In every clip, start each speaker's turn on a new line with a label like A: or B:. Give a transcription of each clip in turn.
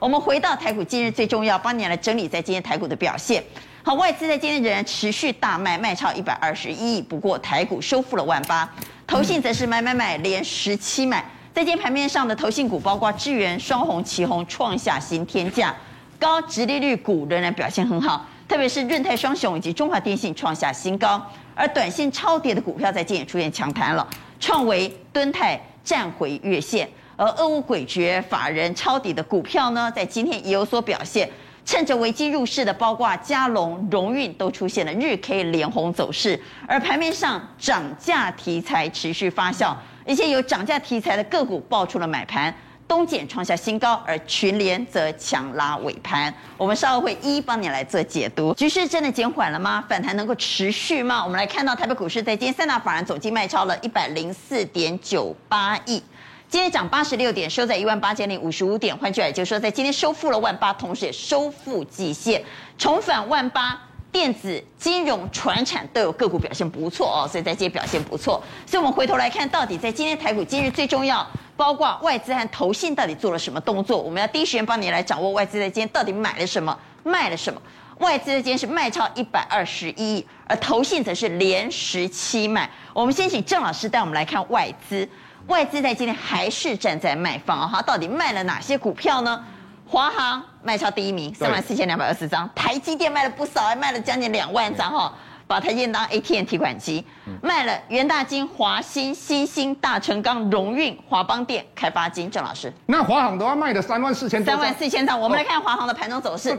A: 我們回到台股，今日最重要，幫你來整理在今天台股的表現。好，外資在今天仍然持續大賣，賣超一百二十一億。不過台股收復了萬八，投信則是買買買，連十七買。在今天盤面上的投信股，包括智原、雙鴻、奇鋐創下新天價。高殖利率股仍然表現很好，特別是潤泰雙雄以及中華電信創下新高。而短線超跌的股票在今天也出現強彈了，創惟、敦泰站回月線。而俄烏詭譎，法人抄底的股票呢，在今天也有所表現。趁着危機入市的，包括嘉龍、榮運都出現了日 K 連紅走勢。而盤面上，漲價題材持續發酵，一些有漲價題材的個股爆出了買盤，東建創下新高，而群聯則強拉尾盤。我們稍後會一一幫你來做解讀。局勢真的減緩了嗎？反彈能夠持續嗎？我們來看到台北股市在今天三大法人總計賣超了一百零四點九八億。今天漲八十六點，收在一萬八千零五十五點。換句話也就是說在今天收復了萬八，同時也收復季線，重返萬八。電子、金融、傳產都有個股表現不錯哦，所以在今天表現不錯。所以我們回頭來看，到底在今天台股今日最重要，包括外資和投信到底做了什麼動作？我們要第一時間幫你來掌握外資在今天到底買了什麼，賣了什麼。外資在今天是賣超一百二十一億，而投信則是連十七賣。我們先請鄭老師帶我們來看外資。外資在今天還是站在賣方哈、哦，到底賣了哪些股票呢？華航賣超第一名，三萬四千兩百二十張，台積電賣了不少，還賣了將近兩萬張、哦，哈，把台積電當 ATM 提款機、嗯，賣了元大金、華新、新興、大成鋼、榮運、華邦電、開發金，鄭老師，
B: 那華航都要賣的三萬四千，三萬四
A: 千張，我們來看華航的盤中走勢，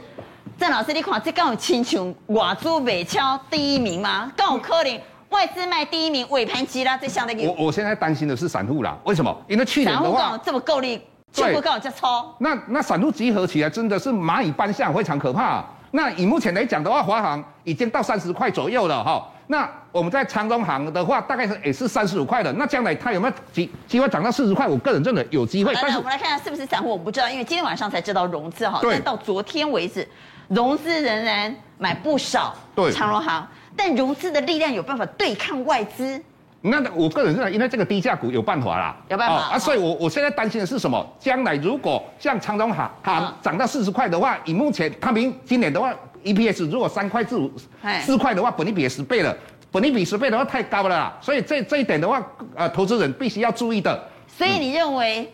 A: 鄭、哦、老師，你講這剛好清楚，瓦珠北超第一名嗎？剛好科林。外資賣第一名，尾盤急拉，這相對。我我
B: 現在擔心的是散戶啦，為什麼？因為去年散戶話
A: 這麼夠力，不跟這麼夠力在
B: 那，那散戶集合起來真的是螞蟻搬象，非常可怕、啊。那以目前來講的話，華航已經到三十塊左右了哈。那我們在長榮航的話，大概是也是三十五塊的。那將來它有沒有機機會漲到四十塊？我個人認為有機會。但是我們
A: 來看看下是不是散戶，我不知道，因為今天晚上才知道融資哈。對。但到昨天為止，融資仍然買不少。對。長榮航。但融資的力量有辦法對抗外資，
B: 那我個人認為，因為這個低價股有辦法啦，有辦法啊，啊。所以我，我、哦、我現在擔心的是什麼？將來如果像長榮行行漲到四十塊的話，以目前他們今年的話，EPS 如果三塊至五四塊的話，本益比十倍了，本益比十倍的話太高了啦，所以這這一點的話，呃，投資人必須要注意的。
A: 所以你認為？嗯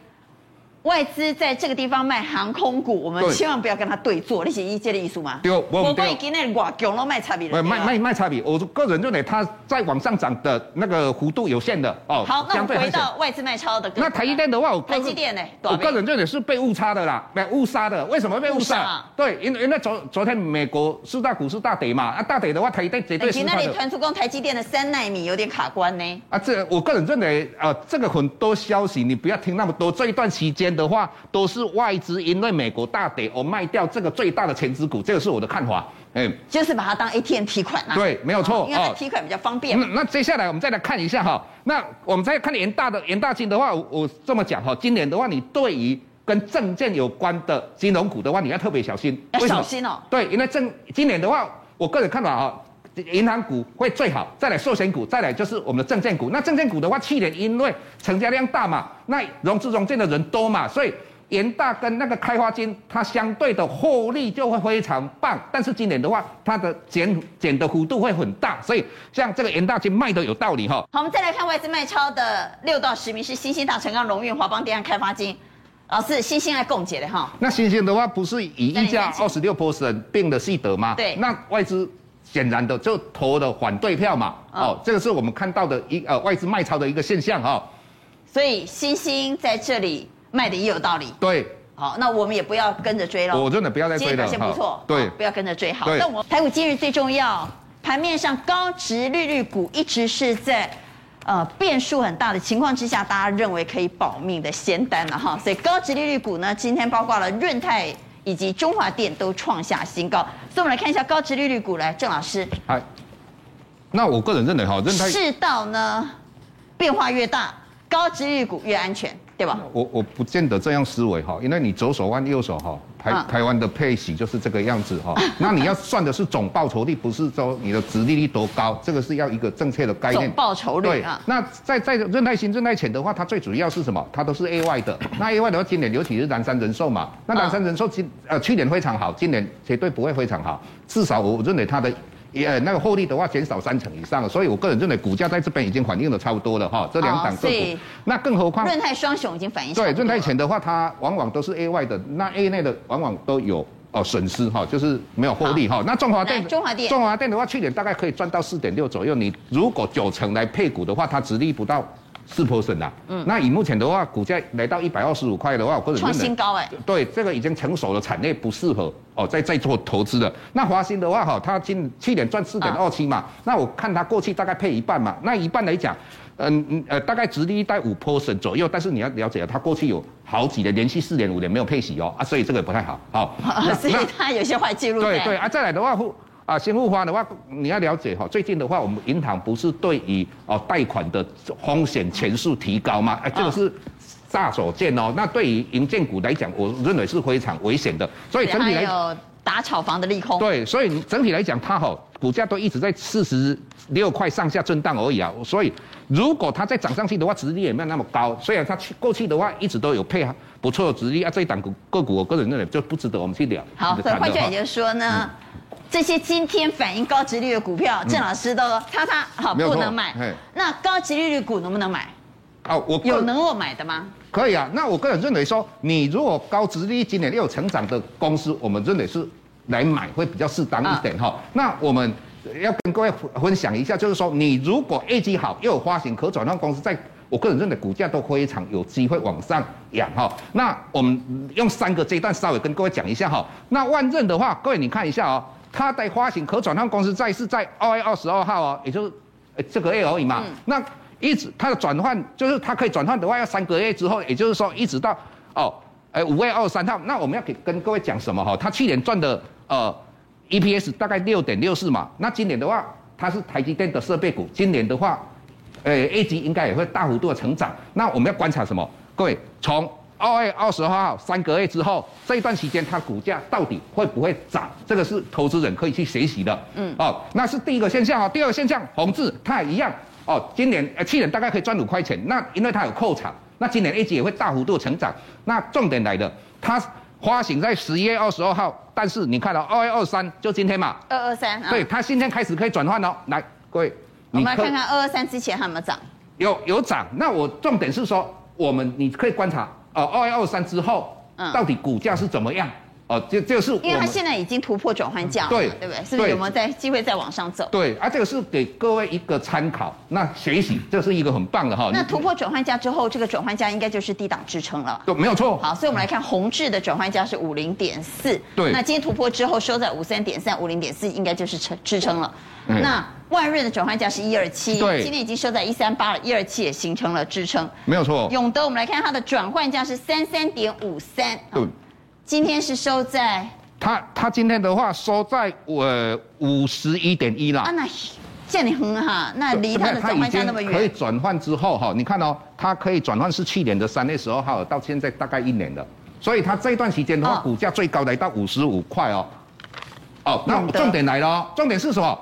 A: 外資在這個地方賣航空股，我們千萬不要跟他對作。那、嗯、些意見的意思嗎？我可以跟那外強都賣差別。賣賣
B: 賣差別，我個人認為它在往上漲的那個幅度有限的哦。好，那我們回到
A: 外資賣超的、嗯。那台積電的話，我台積電呢？我個人
B: 認為是被誤差的啦，被誤殺的。為什麼被誤殺、啊？對，因為那昨昨天美國四大股市大跌嘛，啊，大跌的話台的，台積電絕對是大，那你傳
A: 出講台積電的三奈米有點卡關呢？
B: 啊，這我個人認為，啊、呃，這個很多消息你不要聽那麼多，這一段時間。的話都是外資因為美國大跌而賣掉這個最大的權值股，這個是我的看法。哎、
A: 欸，就是把它當 ATM 提款啊？對，沒有錯、哦，因為它提款比較方便。嗯、哦，那
B: 接下來我們再來看一下哈、哦，那我們再看元大的元大金的話，我，我這麼講哈，今年的話，你對於跟證券有關的金融股的話，你要特別小心，要小心哦。對，因為證今年的話，我個人看法哈、哦。銀行股會最好，再來壽險股，再來就是我們的證券股。那證券股的話，去年因為成交量大嘛，那融資融券的人多嘛，所以元大跟那個開發金它相對的獲利就會非常棒。但是今年的話，它的減減的幅度會很大，所以像這個元大金賣的有道理哈。
A: 好，我們再來看外資賣超的六到十名是新興、大成鋼、榮運、華邦電、案、開發金。老師，新興來共解的哈。
B: 那新興的話，不是以溢價二十六趴 e r 變的系得嗎？對、嗯，那外資。顯然的，就投的反對票嘛，哦，哦，這個是我們看到的一呃外資賣超的一個現象哈，
A: 哦、所以星星在這裡賣的也有道理，
B: 對、哦，好，
A: 那我們也不要跟着追了。我真的不要再追了，今天表現不錯，哦對哦，不要跟着追好，那我台股今日最重要，盤面上高殖利率股一直是在呃變數很大的情況之下，大家認為可以保命的仙丹了哈、哦，所以高殖利率股呢，今天包括了潤泰。以及中華電都創下新高，所以我們來看一下高殖利率股來，鄭老師。
C: 哎，
B: 那我個人認為哈，任它世
A: 道呢，變化越大，高殖利率股越安全。對
B: 吧？我我不見得這樣思維哈、喔，因為你左手換右手哈、喔，台台灣的配息就是這個樣子哈、喔。啊、那你要算的是總報酬率，不是說你的殖利率多高，這個是要一個正確的概念。報酬率、啊、對。那在在潤泰新、潤泰全的話，它最主要是什麼？它都是 A Y 的。那 A Y 的話，今年尤其是南山人壽嘛。那南山人壽今、啊、呃去年非常好，今年絕對不會非常好。至少我認為它的。呃、yeah，那個獲利的話減少三成以上了，所以我個人認為股價在這邊已經反映的差不多了哈。這兩檔個股，oh, so, 那更何況潤泰
A: 雙雄已經反應下。對，潤
B: 泰前的話它往往都是 A 外的，那 A 內的往往都有哦損失哈，就是沒有獲利哈。那中華電，中華電，中華電的話去年大概可以賺到四點六左右，你如果九成來配股的話，它殖利率不到。四 percent、啊、嗯，那以目前的話，股價來到一百二十五塊的話我的，或者創新高哎、欸，對，這個已經成熟的產業不適合哦，再再做投資了。那華新的話哈,他今去年賺四點二七嘛，啊、那我看他過去大概配一半嘛，那一半來講，嗯呃，大概直立在五 percent 左右，但是你要了解他、啊、它過去有好幾年連續四年五年沒有配息哦，啊，所以這個不太好，好、哦啊，所以他有些壞記錄的。對對，對啊，再來的話。啊，興富發的話，你要了解哈、哦。最近的話，我們銀行不是對於哦貸款的風險權數提高嗎？哎，這個是大所見哦。那對於營建股來講，我認為是非常危險的。所以整體來
A: 還有打炒房的利空。對，
B: 所以整體來講，它哈、哦、股價都一直在四十六塊上下震盪而已啊。所以如果它再漲上去的話，殖利率也沒有那麼高。雖然它去過去的話一直都有配合不錯的殖利率啊，這一檔個，個股我個人認為就不值得我們去聊。好，換句也就
A: 是說呢？嗯這些今天反映高殖率的股票，鄭老師都說叉叉，好不能買。嗯、那高殖率率股能不能買？
B: 啊、哦，我有能我買的嗎？可以啊。那我個人認為說，你如果高殖率今年又有成長的公司，我們認為是來買會比較適當一點哈、哦哦。那我們要跟各位分享一下，就是說你如果業績好又有發行可轉換公司，在我個人認為股價都非常有機會往上揚哈、哦。那我們用三個階段稍微跟各位講一下哈、哦。那萬潤的話，各位你看一下哦。它在發行可轉換公司債是在二月二十二號哦、喔，也就是，哎，這個月而已嘛。嗯、那一直它的轉換就是它可以轉換的話要三個月之後，也就是說一直到哦，哎，五月二十三號。那我們要給跟各位講什麼哈？它去年賺的呃 EPS 大概六點六四嘛。那今年的話，它是台積電的設備股，今年的話，哎，業績應該也會大幅度的成長。那我們要觀察什麼？各位從。從二月二十二號，三個月之後，這一段時間它股價到底會不會漲？這個是投資人可以去學習的。嗯，哦，那是第一個現象、哦。第二個現象，宏致它也一樣。哦，今年呃去、欸、年大概可以賺五塊錢，那因為它有擴產，那今年業績也會大幅度成長。那重點來的，它發行在十一月二十二號，但是你看到、哦、二月二十三就今天嘛。
A: 二二三。對，
B: 它今天開始可以轉換哦。來，各位，你我們來看看二二
A: 三之前他有沒有漲？
B: 有有漲。那我重點是說，我們你可以觀察。呃、哦，二幺二三之後，嗯，到底股價是怎麼樣？哦，這就，就是，因為它現在
A: 已經突破轉換價了，對對不對？是不是有沒有再機會再往上走？
B: 對，啊，這個是給各位一個參考，那學習這是一個很棒的哈。那突破
A: 轉換價之後，這個轉換價應該就是低檔支撐了，對，沒有錯。好，所以我們來看、嗯、紅質的轉換價是五零點四，對，那今天突破之後收在五三點三，五零點四，應該就是支支撐
B: 了、
A: 嗯，那。萬潤的轉換價是一二七，對，今天已經收在一三八了，一二七也形成了支撐，沒有錯。永德，我們來看它的轉換價是三三點五三，
B: 對、哦，今天是收在，它它今天的話收在呃五十一點一啦。啊，那這樣你很好，那離它的轉換價那麼遠。可以轉換之後哈、哦，你看哦，它可以轉換是去年的三月十二號到現在大概一年了，所以它這一段時間的話，哦、股價最高來到五十五塊哦，哦，那重點來了哦，重點是什麼？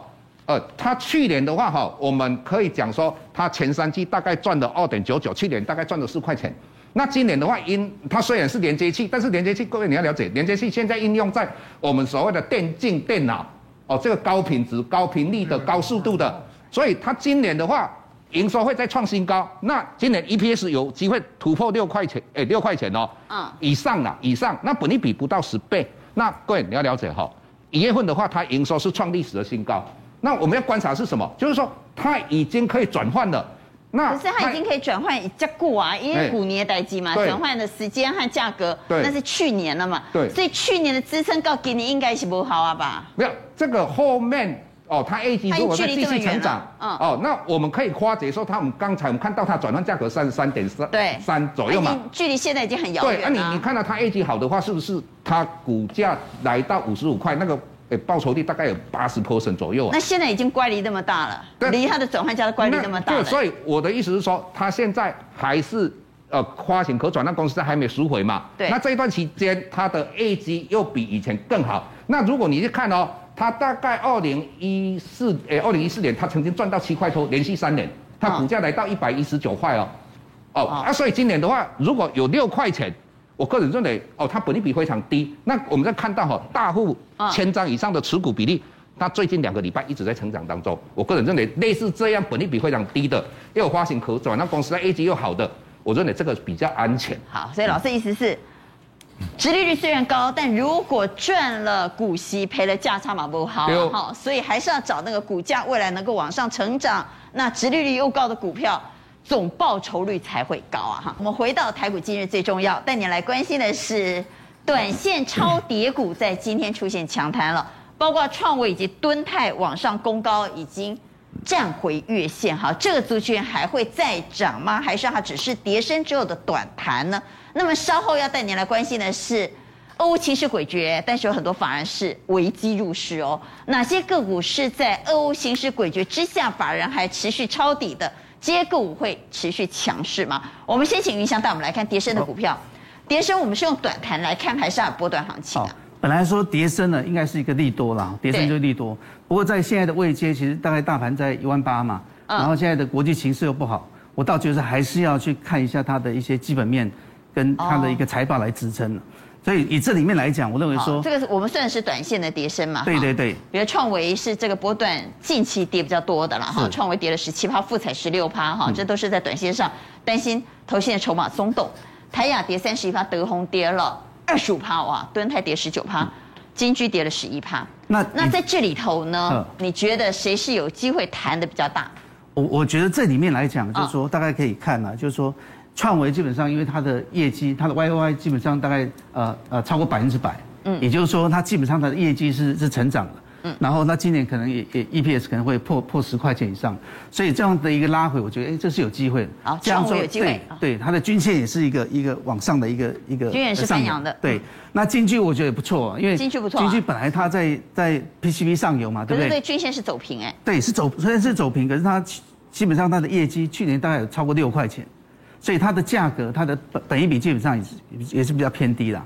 B: 呃，它去年的話、哦，哈，我們可以講說，它前三季大概賺了二點九九，去年大概賺了四塊錢。那今年的話因，因它雖然是連接器，但是連接器各位你要了解，連接器現在應用在我們所謂的電競電腦，哦，這個高品質、高頻率的、高速度的，所以它今年的話，營收會再創新高。那今年 EPS 有機會突破六塊錢，誒六塊錢哦，啊、嗯，以上了，以上，那本利比不到十倍，那各位你要了解哈、哦，一月份的話，它營收是創歷史的新高。那我們要觀察是什麼？就是說它已經可以轉換了。
A: 那可是它已經可以轉換價格啊，因為股捏待機嘛、欸，轉換的時間和價格對，那是去年了嘛。對。所以去年的支撐高給你應該是不好啊吧？
B: 沒有，這個後面哦，它業績如果的繼續成長還、啊、哦、哦、嗯，那我們可以化解說，他我們剛才我們看到它轉換價格三十三點三三左右嘛。
A: 距離現在已經很遙遠、啊、對，那、
B: 啊、你你看到它業績好的話，是不是它股價來到五十五塊那個？誒、欸，報酬率大概有八十 percent 左右、啊、那
A: 現在已經乖離那麼大了，離它的轉換價的乖離那麼大了那那。對，所以
B: 我的意思是說，它現在還是呃，花錢可轉讓公司在還沒贖回嘛。對。那這一段期間，它的業績又比以前更好。嗯、那如果你去看哦，它大概二零一四誒，二零一四年它曾經賺到七塊多，連續三年，它股價來到一百一十九塊哦。哦。啊，所以今年的話，如果有六塊錢。我個人認為，哦，它本益比非常低。那我們在看到哈、哦，大戶千張以上的持股比例，哦、它最近兩個禮拜一直在成長當中。我個人認為，類似這樣本益比非常低的，又有發行可轉，那公司的業績又好的，我認為這個比較安全。好，所以老
A: 師意思是，嗯、殖利率雖然高，但如果賺了股息，賠了價差嘛不好，啊、好、哦，所以還是要找那個股價未來能夠往上成長，那殖利率又高的股票。總報酬率才會高啊！哈，我們回到台股今日最重要，帶你來關心的是，短線超跌股在今天出現強彈了，包括創惟以及敦泰往上攻高，已經站回月線哈。這個族群還會再漲嗎？還是讓它只是跌深之後的短彈呢？那麼稍後要帶你來關心的是，俄烏情勢詭譎，但是有很多法人是危機入市哦。哪些個股是在俄烏情勢詭譎之下，法人還持續抄底的？接個股會持續強勢嗎？我們先請雲翔帶我們來看跌深的股票。跌、哦、深，跌我們是用短盤來看，還是波段行情的、啊
D: 哦？本來說跌深呢，應該是一個利多啦。跌深就利多。不過在現在的位階，其實大概大盤在一萬八嘛、哦，然後現在的國際形勢又不好，我倒覺得還是要去看一下它的一些基本面，跟它的一個財報來支撐。哦所以以這裡面來講，我認為說、哦，這個
A: 我們算是短線的跌深嘛，對對對。比如創維是這個波段近期跌比較多的了哈，創維跌了十七趴，富彩十六趴哈，這都是在短線上擔心投信籌碼鬆動。台亞跌三十一趴，德宏跌了二十五趴哇，敦泰跌十九趴，金居跌了十一趴。那那在這裡頭呢，嗯、你覺得誰是有機會彈的比較大？
D: 我我覺得這裡面來講，就是說、哦、大概可以看啊，就是說。創維基本上因為它的業績，它的 Y O Y 基本上大概呃呃超過百分之百，嗯，也就是說它基本上它的業績是是成長的，嗯，然後那今年可能也也 E P S 可能會破破十塊錢以上，所以這樣的一個拉回，我覺得誒這是有機會的，好，這樣維有機會，對，對它的均線也是一個一個往上的一個一個，均線是上揚的，對，嗯、那金居我覺得也不錯，因為金居不錯、啊，金居本來它在在 P C B 上游嘛，對不對？對，是
A: 均線是走平誒。
D: 對，是走雖然是走平，可是它基本上它的業績去年大概有超過六塊錢。所以它的價格，它的本本益比基本上也是也是比較偏低的，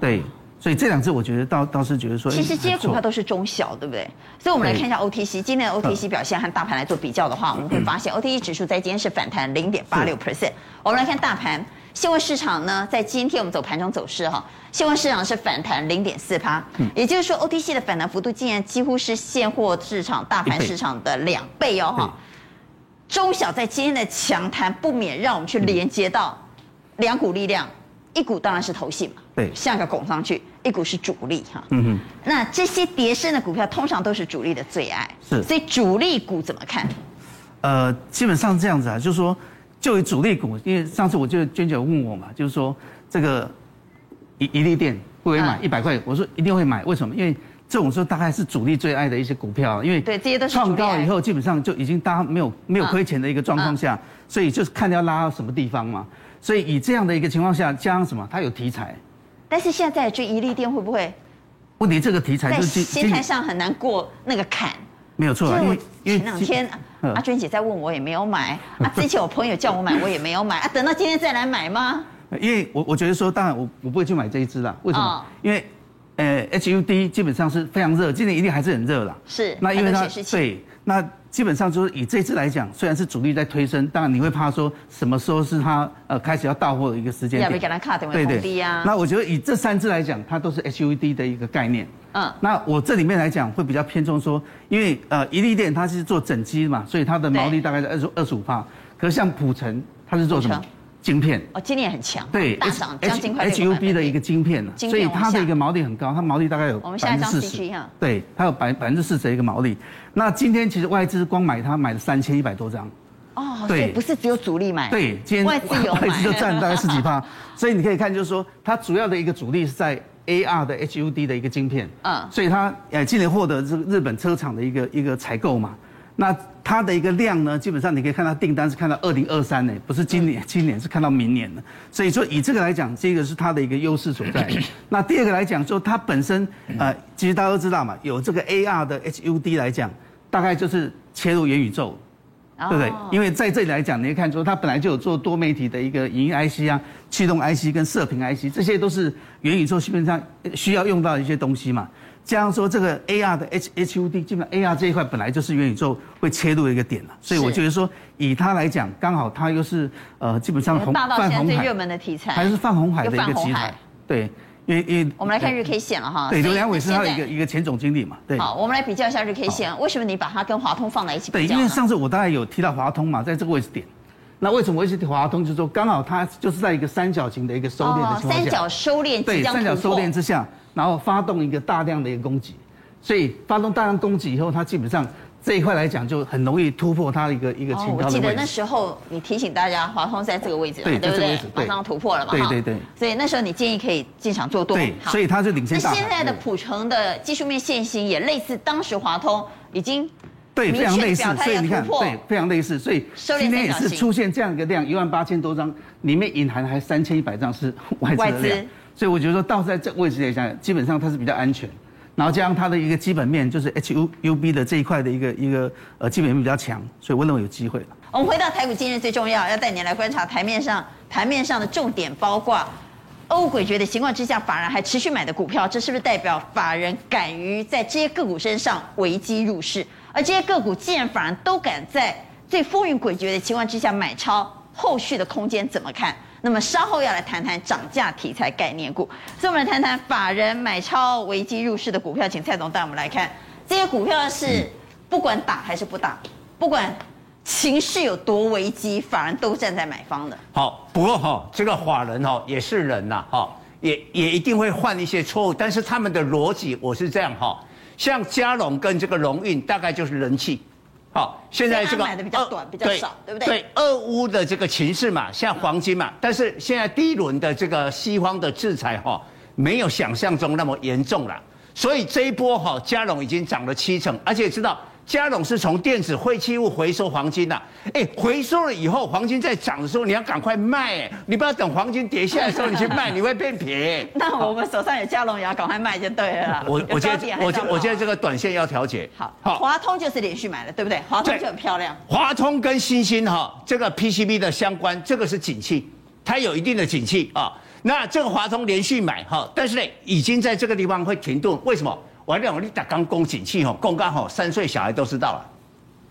D: 對。所以這兩次我覺得倒倒是覺得說，欸、其實這些股票
A: 都是中小，對不對？所以我們來看一下 OTC。今天的 OTC 表現和大盤來做比較的話，我們會發現 OTC 指數在今天是反彈0.86%。我們來看大盤，現貨市場呢，在今天我們走盤中走勢哈，現貨市場是反彈0.4%，也就是說 OTC 的反彈幅度竟然幾乎是現貨市場、大盤市場的兩倍哦哈。中小在今天的強彈不免讓我們去連接到兩股力量、嗯，一股當然是投信嘛，對，像一個拱上去；一股是主力哈、啊。嗯哼。那這些疊升的股票通常都是主力的最愛。是。所以主力股怎麼看？
D: 呃，基本上這樣子啊，就是說，就以主力股，因為上次我就娟姐問我嘛，就是說這個一宜立電會不會買一百、啊、塊？我說一定會買，為什麼？因為。這種時候大概是主力最愛的一些股票，因為對這些都是創高以後基本上就已經大家沒有沒有虧錢的一個狀況下，所以就是看要拉到什麼地方嘛。所以以這樣的一個情況下，加上什麼，它有題材。
A: 但是現在這一立店會不會？
D: 問題這個題材是心態
A: 上很難過那個坎。
D: 沒有錯，因為前
A: 兩天阿娟姐在問我也沒有買啊，之前我朋友叫我買我也沒有買啊，等到今天再來買嗎？
D: 因為我我覺得說，當然我我不會去買這一只啦，為什麼？因為。呃、uh,，HUD 基本上是非常熱，今年一定還是很熱啦。
A: 是。那因為它
D: 對，那基本上就是以這支來講，雖然是主力在推升，當然你會怕說什麼時候是它呃開始要到貨的一個時間點沒給卡，
A: 啊。對對對。那
D: 我覺得以這三支來講，它都是 HUD 的一個概念。嗯。那我這裡面來講會比較偏重說，因為呃，怡利電它是做整機嘛，所以它的毛利大概是二十二十五趴。可是像普城它是做什麼？晶片
A: 哦，今年也很強，哦，對，大漲。H U B 的一
D: 個晶片，啊、晶片，所以它的一個毛利很高，它毛利大概有我們下一張四十哈，對，它有百百分之四十的一個毛利。那今天其實外資光買它買了三千一百多張，哦，
A: 對，不是只有主力買，對，今天外資有外資都佔大概十
D: 幾趴， 所以你可以看就是說它主要的一個主力是在 A R 的 H U D 的一個晶片，嗯，所以它誒今年獲得這個日本車廠的一個一個採購嘛。那它的一個量呢，基本上你可以看到訂單是看到二零二三呢，不是今年，今年是看到明年。所以說以這個來講，這個是它的一個優勢所在。 那第二個來講說，它本身呃，其實大家都知道嘛，有這個 AR 的 HUD 來講，大概就是切入元宇宙，對不對？Oh. 因為在這裡來講，你會看出它本來就有做多媒體的一個語音 IC 啊、驅動 IC 跟射頻 IC，這些都是元宇宙基本上需要用到的一些東西嘛。加上說這個 A R 的 H H U D，基本上 A R 這一塊本來就是元宇宙會切入的一個點了，所以我覺得說以它來講，剛好它又是呃基本上紅霸到現在最熱門的題材，還是泛紅海的一個題材。對，因為因為我們來看日
A: K 線了哈。對，對劉良偉是他一個
D: 一個前總經理嘛。對。好，
A: 我們來比較一下日 K 線，為什麼你把它跟華通放在一起比較？對，因
D: 為上次我大概有提到華通嘛，在這個位置點，那為什麼我一直提華通？就是說剛好它就是在一個三角形的一個收斂的收斂、哦、三角收斂，對，三角收斂之下。然後發動一個大量的一個攻擊，所以發動大量攻擊以後，它基本上這一塊來講就很容易突破它的一個一個前高的位置、哦、我記得那
A: 時候你提醒大家，華通在這個位置，對對不對，對？馬上突破了嘛？對對對。所以那時候你建議可以進場做多。對，所以它是領先。那現在的普誠的技術面線形也類似當時華通已經對非常類似，所以你看對
D: 非常類似，所以收今天也是出現這樣一個量一萬八千多張，裡面隱含還三千一百張是外、外資。所以我覺得說，倒在這個位置來講，基本上它是比較安全。然後加上它的一個基本面，就是 H U B 的這一塊的一個一個呃基本面比較強，所以我認為有機會、哦。
A: 我們回到台股，今日最重要要帶您來觀察台面上盤面上的重點包括俄烏詭譎的情況之下，法人還持續買的股票，這是不是代表法人敢於在這些個股身上危機入市？而這些個股既然法人都敢在最風雲詭譎的情況之下買超，後續的空間怎麼看？那麼稍後要來談談漲價題材概念股，所以我們來談談法人買超危機入市的股票，請蔡總帶我們來看這些股票是不管打還是不打，不管情勢有多危機，法人都站在買方的、嗯。
C: 好，不過哈，這個法人哈也是人吶、啊，哈也也一定會犯一些錯誤，但是他們的邏輯我是這樣哈，像嘉龍跟這個榮運大概就是人氣。好，現在這個。買的比較短，哦，比較少，對不對？對，俄烏的這個情勢嘛，像黃金嘛，嗯、但是現在第一輪的這個西方的制裁哈、哦，沒有想象中那麼嚴重了，所以這一波哈、哦，加榮已經漲了七成，而且知道。佳龍是從電子廢棄物回收黃金吶，哎，回收了以後，黃金在漲的時候，你要趕快賣，哎，你不要等黃金跌下來的時候你去賣，你會變平。那我們手上
A: 有佳龍也要趕快賣就對了。我我覺得，我我覺
C: 得這個短線要調節。好，好，
A: 華通就是連續買的，對不對？華通就很漂亮。
C: 華通跟欣興哈，這個 PCB 的相關，這個是景氣，它有一定的景氣啊。那這個華通連續買哈、喔，但是呢，已經在這個地方會停頓，為什麼？完了，你才講供積金吼，剛剛吼三歲小孩都知道了。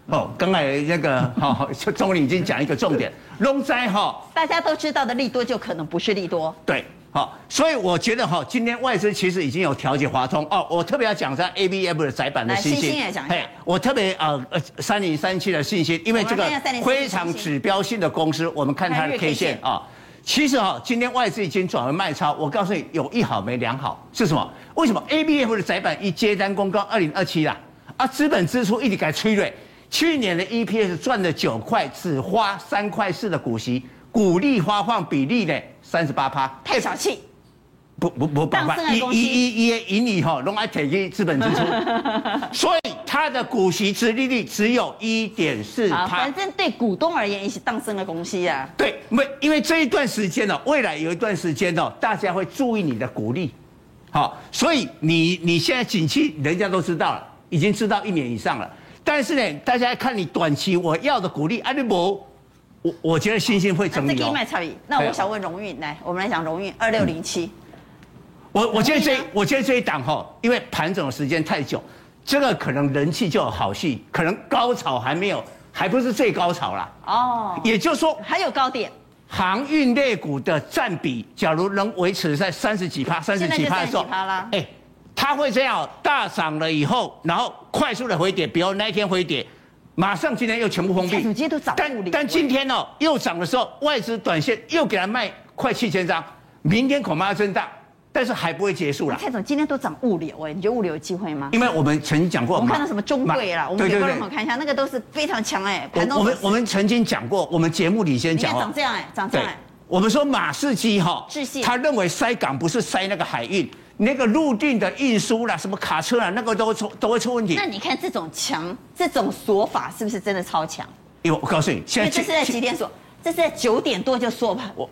C: 哦、嗯，剛才那個，好，鍾玲已經講一個重點，攏在吼。大家都知
A: 道的利多就可能不是利多。
C: 對，好，所以我覺得哈，今天外資其實已經有調節華通哦。我特別要講一下 ABF 的載板的信心。信心我特別呃，三零三七的信心，因為這個非常指標性的公司，我們看它的 K 線啊。其實哈，今天外資已經轉為賣超。我告訴你，有一好沒兩好是什麼？為什麼？ABF 的載板一接單公告二零二七啦，啊，資本支出一直改催瑞，去年的 EPS 賺了九塊，只花三塊四的股息，股利發放比例呢三十八趴，太小氣。不不不，百萬一一一一一億以後，攏愛鐵一資本支出，所以它的股息殖利率只有一點四。反
A: 正對股東而言，也是當升的公司呀、啊。對，
C: 沒因為這一段時間呢，未來有一段時間呢，大家會注意你的股利，好，所以你你現在景氣，人家都知道了，已經知道一年以上了。但是呢，大家看你短期我要的股利。安利博，我我覺得信心，心會怎麼樣？這跟麥
A: 超，那我想問榮運，來我們來講榮運二六零七。
C: 我我覺得這我覺得這一檔吼，因為盤整的時間太久，這個可能人氣就有好戲，可能高潮還沒有，還不是最高潮啦。
D: 哦，也
C: 就是說還有高點。航運類股的佔比，假如能維持在三十幾趴、三十幾趴的時候，哎，它、欸、會這樣大漲了以後，然後快速的回跌，比如那一天回跌，馬上今天又全部封閉，但但今天哦又漲的時候，外資短線又給它賣快七千張，明天恐怕要震盪。但是還不會結束了。蔡
A: 總，今天都漲物流、欸，哎，你覺得物流有機會嗎？因
C: 為我們曾經講過，我我看到什麼中貴啦對對對，我們給觀眾們看
A: 一下，那個都是非常強，哎。我我們我
C: 們曾經講過，我們節目裡先講哦、欸。長這
A: 樣哎、欸，長這樣
C: 哎。我們說馬士基哈，他認為塞港不是塞那個海運，那個陸地的運輸啦，什麼卡車啦，那個都出都會出問題。那
A: 你看這種強，這種說法是不是真的超強？
C: 因為我告訴你，現在這是在
A: 幾點說，這是在九點多就說吧。我。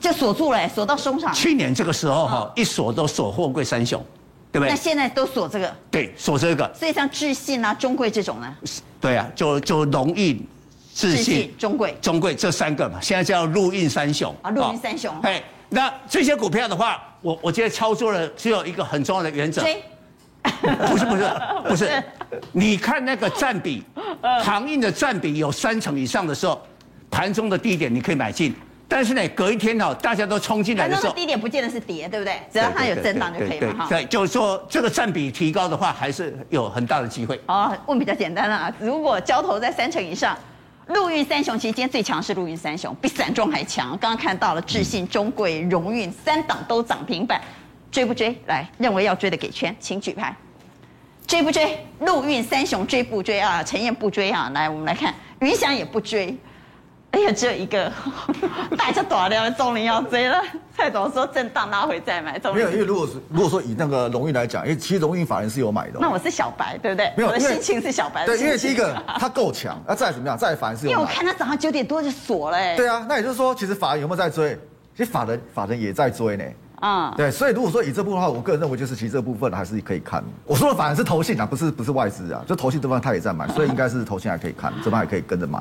A: 就鎖住了，鎖到收場。
C: 去年這個時候哈、哦哦，一鎖都鎖貨櫃三雄，對不對？那現
A: 在都鎖這個。
C: 對，鎖這個。所
A: 以像志信啊、中櫃這種
C: 呢。對啊，就就榮運、志信、中櫃、中櫃這三個嘛，現在叫陸運三雄啊。陸運三雄。哎、哦哦，那這些股票的話，我我今天操作了只有一個很重要的原則。追？不是 不是不是，不是 你看那個占比，航 運的占比有三成以上的時候，盤中的低點你可以買進。但是呢，隔一天哦，大家都衝進來反正低
A: 點不見得是跌，對不對？只要它有震盪就可以了。對,對,對,對,對,對,對,對,對,對，就
C: 是說這個占比提高的話，還是有很大的機會。
A: 哦，問比較簡單了啊，如果交投在三成以上，陸運三雄其實今天最強是陸運三雄，比散裝還強。剛剛看到了，智信、中櫃、榮運三檔都漲停板，追不追？來，認為要追的給圈，請舉牌。追不追？陸運三雄追不追啊？陳燕不追啊？來，我們來看，雲翔也不追。哎呀，只有一個，大家躲掉，中林要追了。蔡總說震盪他會再買。沒有，因為如
C: 果是如果說以那個榮
B: 譽來講，因為其實榮譽法人是有買的。那我
A: 是小白，對不對？沒有，我的心情是小白的。對，因為是一個
B: 他夠強，那、啊、再怎麼樣，再來法人是有。因為我看
A: 他早上九點多就鎖了。對啊，
B: 那也就是說，其實法人有沒有在追？其實法人法人也在追呢。啊、嗯。
D: 對，
B: 所以如果說以這部分的話，我個人認為就是其實這部分還是可以看。我說的法人是投信啊，不是不是外資啊，就投信這邊他也在買，所以應該是投信還可以看， 這邊還可以跟着買。